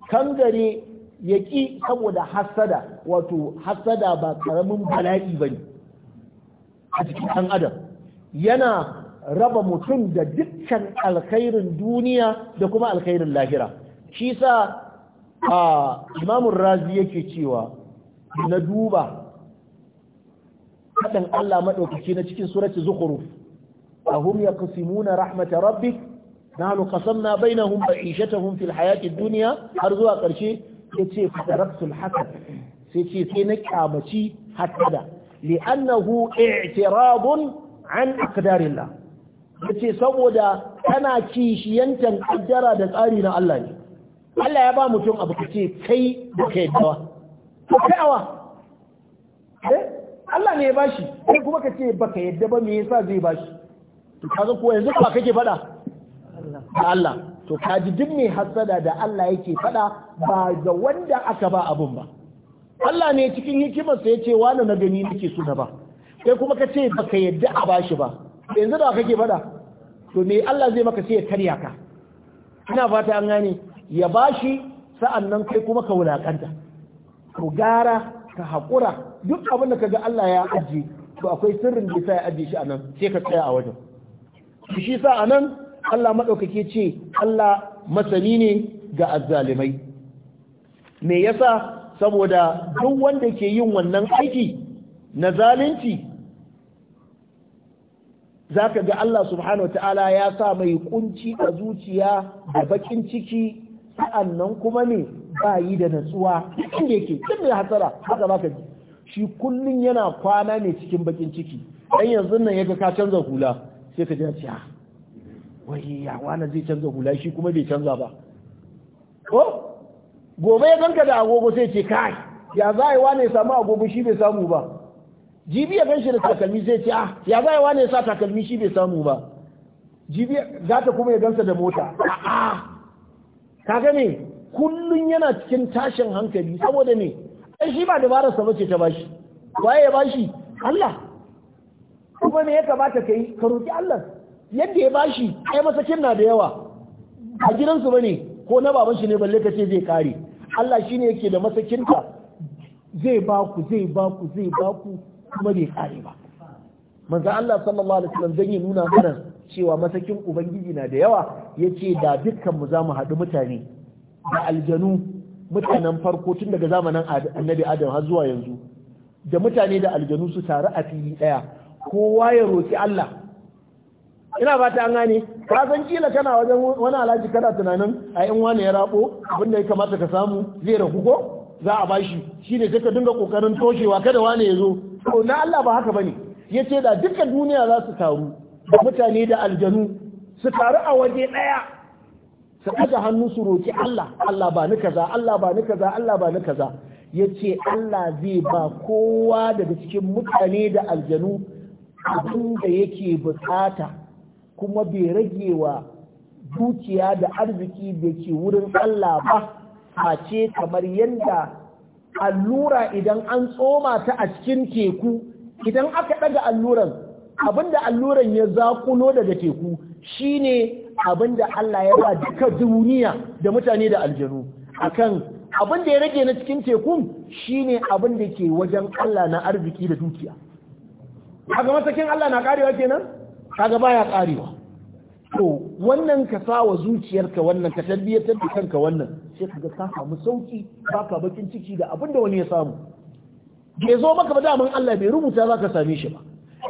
kangare ya ki saboda hasada wato hasada ba karamin bala'i bane a cikin ɗan adam yana raba mutum da dukkan alkhairin duniya da kuma alkhairin lahira shi sa a imamun razi yake cewa na duba haɗin Allah maɗaukaki na cikin surati zukhruf ahum na rahmata rabbik nahnu qasamna bainahum ma'ishatahum fil hayati duniya har zuwa ƙarshe yace fataraktul hasad sai ce sai na kyamaci hasada li'annahu i'tiradun an aqdarillah yace saboda kana kishiyantan kaddara da tsari na Allah ne Allah ya ba mutum abu kace kai baka yadda ba. to kai awa eh Allah ne ya bashi kai kuma kace baka yadda ba me yasa zai bashi to kaga ko yanzu ba kake fada da Allah to kaji duk mai hasada da Allah yake fada ba ga wanda aka ba abun ba Allah ne cikin hikimarsa ya ce wani na gani nake su na ba kai kuma ka ce baka yadda a bashi ba yanzu da kake faɗa to me Allah zai maka sai ya karya ka ina fata an gane ya bashi nan kai kuma ka wulakanta ko gara ka haƙura duk abin da ga Allah ya ajiye to akwai sirrin da sa ya ajiye shi anan sai ka tsaya a wajen shi sa anan Allah madaukake ce Allah masani ne ga azzalimai me yasa saboda duk wanda ke yin wannan aiki na zalunci za ka ga Allah subhanahu ta'ala ya sa mai kunci a zuciya da bakin ciki sa'annan kuma ne ba yi da natsuwa inda yake kin da hasara haka ba ka ji shi kullun yana kwana ne cikin bakin ciki dan yanzu nan yaga ka canza hula sai ka ji a ah, wai ya wani zai canza hula shi kuma bai canza ba gobe ya ganka da agogo sai ce kai ya za a yi wane samu agogo shi bai samu ba jibi ya ganshi da takalmi sai ce ah ya za a yi wane sa takalmi shi bai samu ba jibi za ta kuma ya gansa da mota a'a ka gane kullun yana cikin tashin hankali saboda me ai shi ba dabarar sa ce ta bashi waye ya bashi Allah kuma me ya kamata yi ka roki Allah yadda ya bashi ai masakin na da yawa a gidansu bane ko na baban shi ne balle ka ce zai kare Allah shi ne yake da masakinka zai ba ku zai ba ku zai ba ku kuma bai kare ba manzo Allah sallallahu alaihi wasallam zai ya nuna mana cewa masakin ubangiji na da yawa yace da dukkan mu zamu haɗu mutane da aljanu mutanen farko tun daga zamanin annabi Adam har zuwa yanzu da mutane da aljanu su taru a fili daya kowa ya roki Allah ina ba ta an gane ka san kila kana wajen wani alhaji kana tunanin a in wani ya rabo abin da ya kamata ka samu zai ragu ko za a bashi shine sai ka dinga kokarin toshewa kada wani ya zo to na Allah ba haka bane yace da dukkan duniya za su taru da mutane da aljanu su taru a waje daya su ɗaga hannu su roki Allah Allah ba ni kaza Allah ba ni kaza Allah ba ni kaza yace Allah zai ba kowa daga cikin mutane da aljanu abin da yake bukata kuma bai rage wa dukiya da arziki da ke wurin Allah ba face kamar yadda allura idan an tsoma ta a cikin teku idan aka ɗaga alluran abinda alluran ya zakulo daga teku shine abinda Allah ya ba duka duniya da mutane da aljanu akan da ya rage na cikin tekun shine da ke wajen Allah na arziki da dukiya haka masakin Allah na karewa kenan kaga baya karewa to wannan ka sa wa zuciyarka wannan ka tabbatar da kanka wannan sai kaga ka samu sauki baka bakin ciki da abin da wani ya samu bai zo maka ba daman Allah bai rubuta zaka same shi ba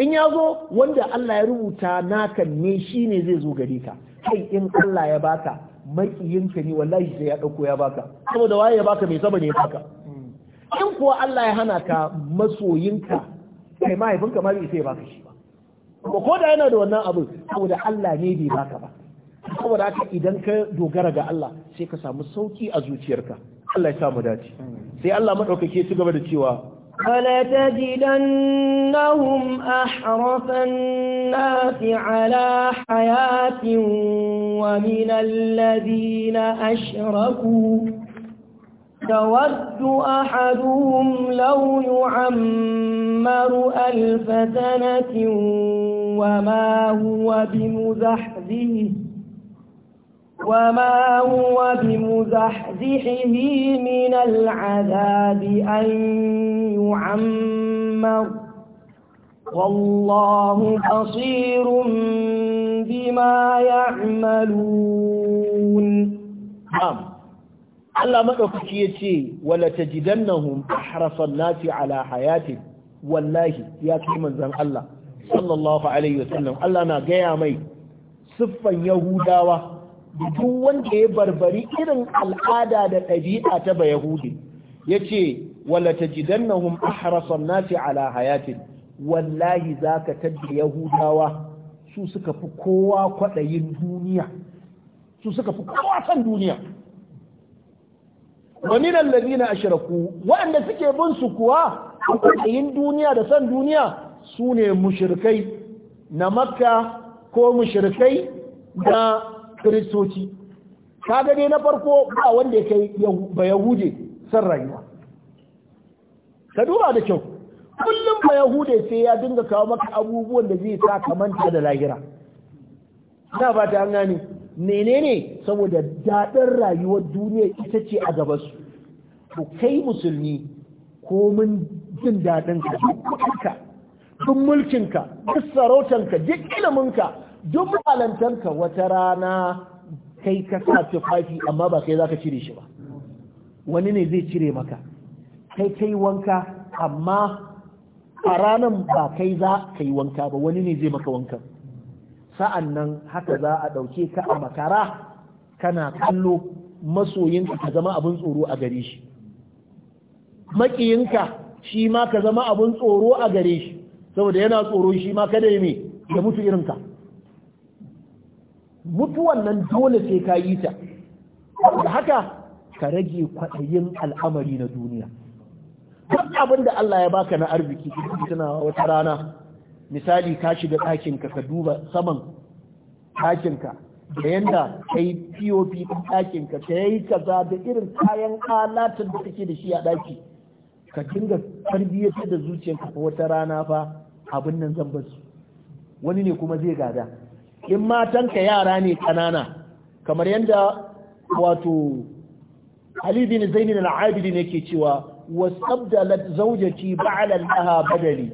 in ya zo wanda Allah ya rubuta naka ne shine zai zo gare ka kai in Allah ya baka makiyinka ne wallahi sai ya dauko ya baka saboda waye ya baka mai saba ne ya baka in kuwa Allah ya hana ka masoyinka kai mahaifinka ma bai sai ya baka shi ba ko da yana da wannan abin saboda Allah ne bai baka ba saboda haka idan ka dogara ga Allah sai ka samu sauki a zuciyarka Allah ya samu dace sai Allah madaukake su gaba da cewa فلتجدنهم أحرف الناس على حياة ومن الذين أشركوا تود أحدهم لو يعمر ألف سنة وما هو بمزحزحه وما هو بمزحزحه من العذاب أن يعمر والله بصير بما يعملون نعم. Allah maɗaukaki ya ce wala ta jidan jidannahum ahrasan nasi ala hayatin wallahi ya kai manzan Allah sallallahu alaihi wasallam Allah na gaya mai siffan yahudawa duk wanda ya barbari irin al'ada da ɗabi'a ta ba yahudi ya ce wala ta jidan jidannahum ahrasan nasi ala hayatin wallahi za ka tadda yahudawa su suka fi kowa kwaɗayin duniya su suka fi kowa san duniya wa min alladhina ashraku wa'anda suke bin su kuwa yin duniya da san duniya sune mushrikai na makka ko mushrikai na kristoci kaga dai na farko ba wanda ya kai ba yahude san rayuwa ka duba da kyau kullum ba yahude sai ya dinga kawo maka abubuwan da zai sa kamanta da lahira na ba ta an gane menene saboda daɗin rayuwar duniya ita ce a su to kai musulmi ko mun jin daɗin ka duk ka, duk ka duk ka duk iliminka duk ka, wata rana kai ka sa tufafi amma ba kai za cire shi ba wani ne zai cire maka kai kai wanka amma a ranan ba kai za ka yi wanka ba wani ne zai maka wankan sa'an nan haka za a ɗauke ka a makara kana kallo masoyinka ka zama abin tsoro a gare shi maƙiyinka shi ma ka zama abin tsoro a gare shi saboda yana tsoro shi ma kada ya me ya mutu irinka mutuwan nan dole sai ka yi ta da haka ka rage kwaɗayin al'amari na duniya duk abin da Allah ya baka na arziki tana wata rana misali ka shiga ɗakinka ka duba saman ɗakinka da yanda ka yi pop ɗin ɗakinka ka yi kaza da irin kayan alatar da kake da shi a ɗaki ka dinga tarbiyyatar da zuciyarka fa wata rana fa abin nan zan basu wani ne kuma zai gada in matanka yara ne kanana kamar yadda wato Ali bin Zainin al-Abidi ne ke cewa wasabdalat zawjati ba'ala laha badali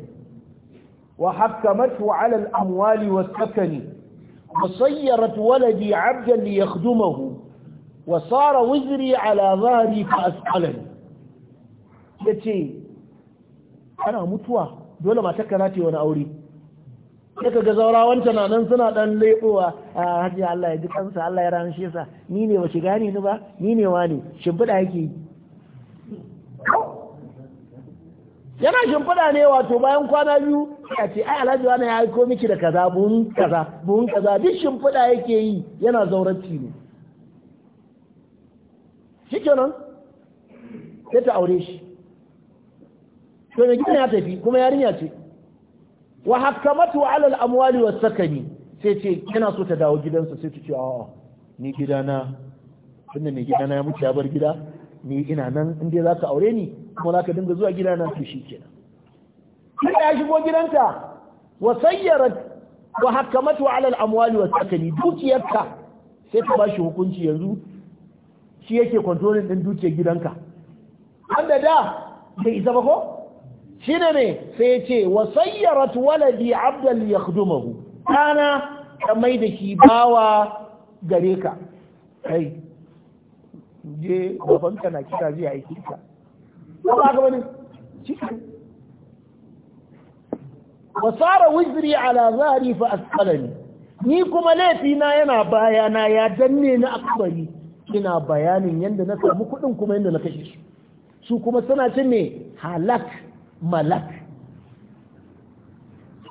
وحكمته على الأموال والسكن وصيرت ولدي عبدا ليخدمه وصار وزري على ظهري فأسألني يتي أنا متوى دولة ما تكناتي aure. أوري Yaka ga zaurawan na nan suna ɗan leɓowa a hajji Allah ya ji kansa Allah ya ranshe sa ni ne ba shiga ni ba ni ne wa ne shimfiɗa yake yi yana shimfiɗa ne wato bayan kwana biyu ya ce ai alhaji wani ya aiko miki da kaza buhun kaza buhun kaza duk shimfiɗa yake yi yana zauranci ne nan sai ta aure shi to mai gina ya tafi kuma yarinya ce wa hakkamatu ala al-amwali was sakani sai ce yana so ta dawo gidansa sai ta ce a'a ni gidana tunda mai gidana ya mutu ya bar gida ni ina nan in dai ka aure ni kuma za ka dinga zuwa gida na to nan sai ya shigo gidanta wa sayyara wa hakamatu ala al-amwali wa sakani dukiyarka sai ta bashi hukunci yanzu shi yake controlling ɗin dukiyar gidanka wanda da bai isa ba ko shi ne sai ya ce wa sayyara waladi ya yakhdumahu kana ka mai da shi bawa gare ka kai je ka na kira zai aiki ka ba ba ga bane cikin wasara wizri ala zari fa asqalani ni kuma na yana bayana ya danne ni akwari, ina bayanin yanda na samu kuɗin kuma yadda na kashe su kuma suna cin ne halak malak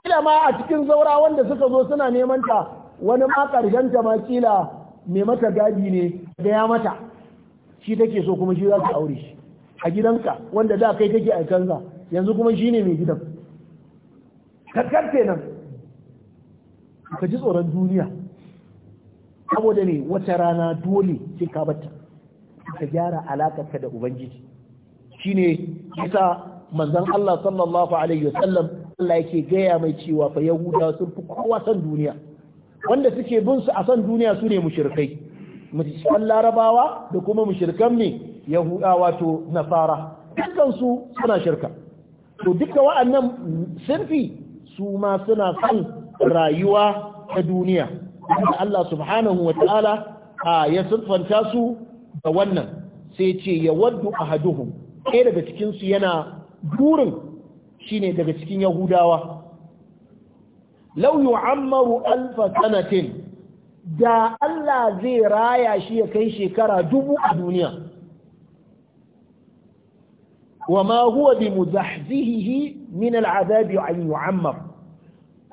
kila ma a cikin zaura wanda suka zo suna neman ta wani ma karshen ta ma kila mai mata gadi ne da ya mata shi take so kuma shi za ka aure shi a gidanka wanda da kai take a kansa yanzu kuma shi ne mai gidan karkar nan. ka ji tsoron duniya saboda ne wata rana dole ce ka bata ka gyara alakarka da ubangiji ne kisa manzon Allah sallallahu alaihi wasallam Allah yake gaya mai cewa fa yahuda sun fi kowa san duniya wanda suke bin su a san duniya su ne mushrikai mushrikan larabawa da kuma mushrikan ne yahuda wato nasara dukansu su suna shirka to duka wa'annan sirfi su ma suna son rayuwa ta duniya da Allah subhanahu wa ta'ala a ya siffanta su da wannan sai ce ya waddu ahaduhum ɗaya daga cikinsu yana burin shine daga cikin yahudawa law yu'ammaru alfa sanatin da Allah zai raya shi ya kai shekara dubu a duniya wa ma huwa bi muzahzihihi min al'adabi an yu'ammar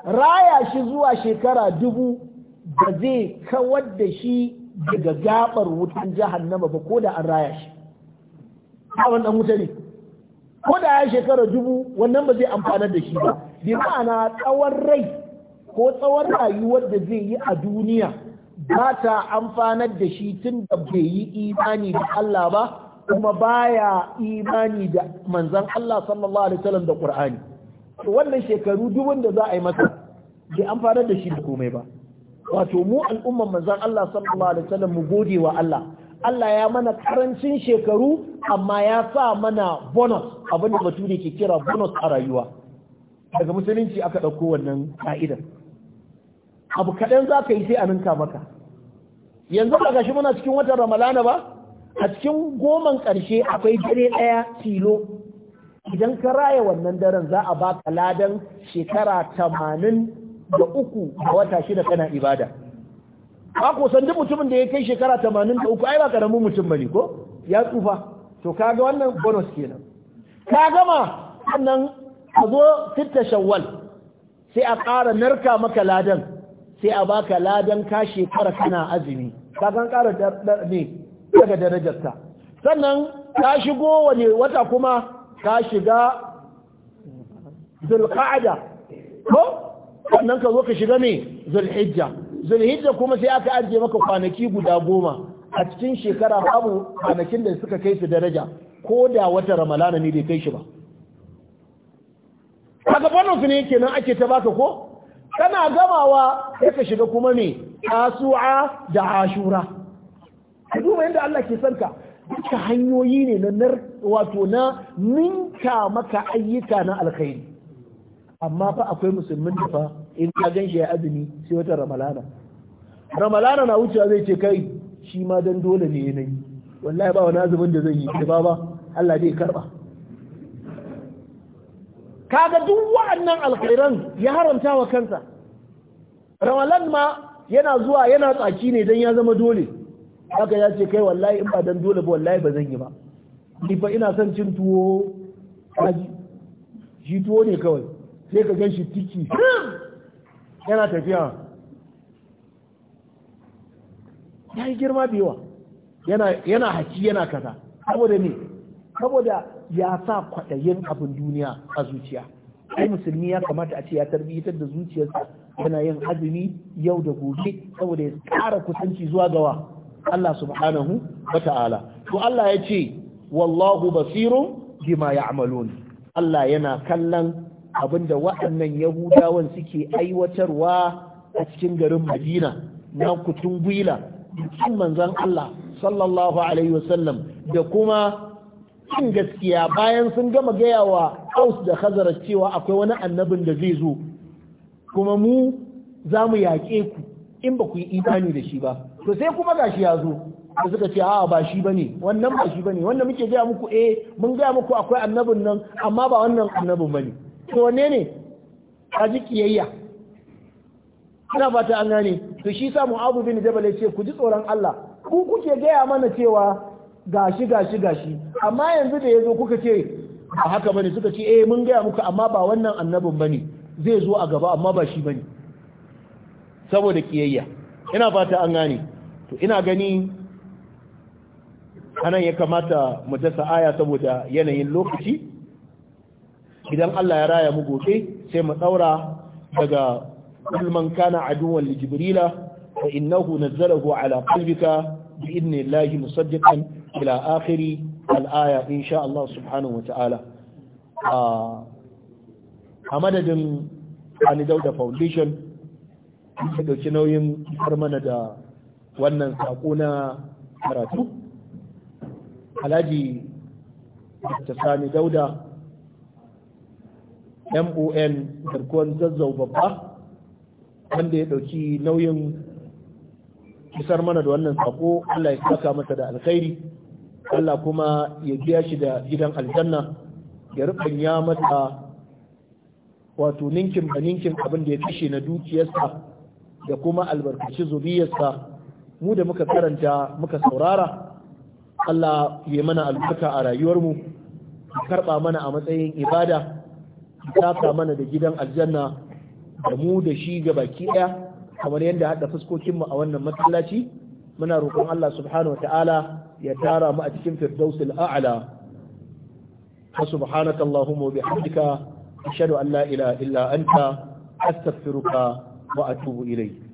raya shi zuwa shekara dubu da zai kawar da shi daga gabar wutan jahannama ba ko da an raya shi Kawan dan wuta ne ko da ya shekara dubu wannan ba zai amfana da shi ba bi ma'ana tsawon rai ko tsawon rayuwar da zai yi a duniya ba ta amfanar da shi tun da bai yi imani da Allah ba kuma baya imani da manzan Allah sallallahu alaihi wasallam da Qur'ani wannan shekaru dubun da za a yi masa bai amfanar da shi da komai ba wato mu al'umman manzan Allah sallallahu alaihi wasallam mu gode wa Allah Allah ya mana karancin shekaru amma ya sa mana bonus abin da ke kira bonus a rayuwa daga musulunci aka ɗauko wannan ka'idar abu kaɗan za ka yi sai a ninka maka yanzu ba gashi muna cikin watan ramalana ba a cikin goman ƙarshe akwai dare ɗaya tilo idan ka raya wannan daren za a baka ladan shekara tamanin da uku a wata shida kana ibada ba ko san duk mutumin da ya kai shekara tamanin da uku ai ba karamin mutum bane ko ya tsufa to kaga wannan bonus kenan ka gama sannan a zo shawwal sai a ƙara narka maka ladan sai a baka ladan ka shekara kana azumi kakan kara ne daga darajarta sannan ka shigo wani wata kuma ka shiga zulqa'ada ko sannan ka zo ka shiga me zulhijja zulhijja kuma sai aka ajiye maka kwanaki guda goma a cikin shekara babu kwanakin da suka kai su daraja ko da wata ramalana ne bai kai shi ba kaga bonus ne kenan ake ta baka ko kana gamawa sai ka shiga kuma me kasuwa da ashura ka duba yadda Allah ke son ka duka hanyoyi ne na nar wato na ninka maka ayyuka na alkhairi amma fa akwai musulmin da fa in ka gan ya azumi sai wata ramalana ramalana na wucewa zai ce kai shi ma dan dole ne yanayi wallahi ba wani azumin da zai yi ba ba Allah zai karba kaga duk wa'annan alkhairan ya haramta wa kansa ramalan ma yana zuwa yana tsaki ne dan ya zama dole haka ya ce kai wallahi in ba dan dole ba wallahi ba zan yi ba ni fa ina son cin tuwo kaji shi tuwo ne kawai sai ka gan shi tiki yana tafiya ya yi girma biyuwa yana haki yana kaza saboda ne saboda ya sa kwaɗayin abin duniya a zuciya ai musulmi ya kamata a ce ya tarbiyyatar da zuciyarsa yana yin azumi yau da gobe saboda ya ƙara kusanci zuwa gawa Allah subhanahu wa ta'ala to Allah ya ce wallahu basirun bima ya'malun Allah yana kallon abinda waɗannan Yahudawan suke aiwatarwa a cikin garin Madina na kutun gwila cikin manzon Allah sallallahu alaihi wasallam da kuma in gaskiya bayan sun gama gaya wa aus da khazara cewa akwai wani annabin da zai zo kuma mu za mu yaƙe ku in ba ku yi imani da shi ba to sai kuma gashi ya zo da suka ce a'a ba shi bane wannan ba shi bane wannan muke gaya muku eh mun gaya muku akwai annabin nan amma ba wannan annabin bane to wanne ne kaji kiyayya ina fata an gane to shi sa mu abu bin jabal ya ce ku ji tsoron Allah ku kuke gaya mana cewa gashi gashi gashi amma yanzu da ya zo kuka ce a haka bane suka ce eh mun gaya muku amma ba wannan annabin bane zai zo a gaba amma ba shi bane saboda kiyayya ina fata an gane to ina gani anan ya kamata mu dasa aya saboda yanayin lokaci idan Allah ya raya mu gobe sai mu daura daga kulman kana aduwan li jibrila fa innahu nazzalahu ala qalbika bi idnillahi musaddiqan ila akhiri al'aya insha Allah subhanahu wa ta'ala a madadin Ali Dauda Foundation da dauki nauyin mana da wannan sako na karatu Alhaji Sani Dauda MON garkuwar zazzau babba wanda ya dauki nauyin kisar mana da wannan sako Allah ya saka mata da alkhairi Allah kuma ya biya shi da gidan aljanna ya rubanya mata wato ninkin ba ninkin abin da ya kashe na dukiyarsa da kuma albarkaci zuriyarsa mu da muka karanta muka saurara Allah ya mana albarka a rayuwarmu karba mana a matsayin ibada taka mana da gidan aljanna da mu da shi ga baki daya kamar yadda haɗa fuskokinmu a wannan masallaci muna roƙon Allah subhanahu wa ta'ala ya tara mu a cikin firdausul a'la fa subhanaka allahumma bihamdika ashhadu an la ilaha illa anta astaghfiruka wa atubu ilayk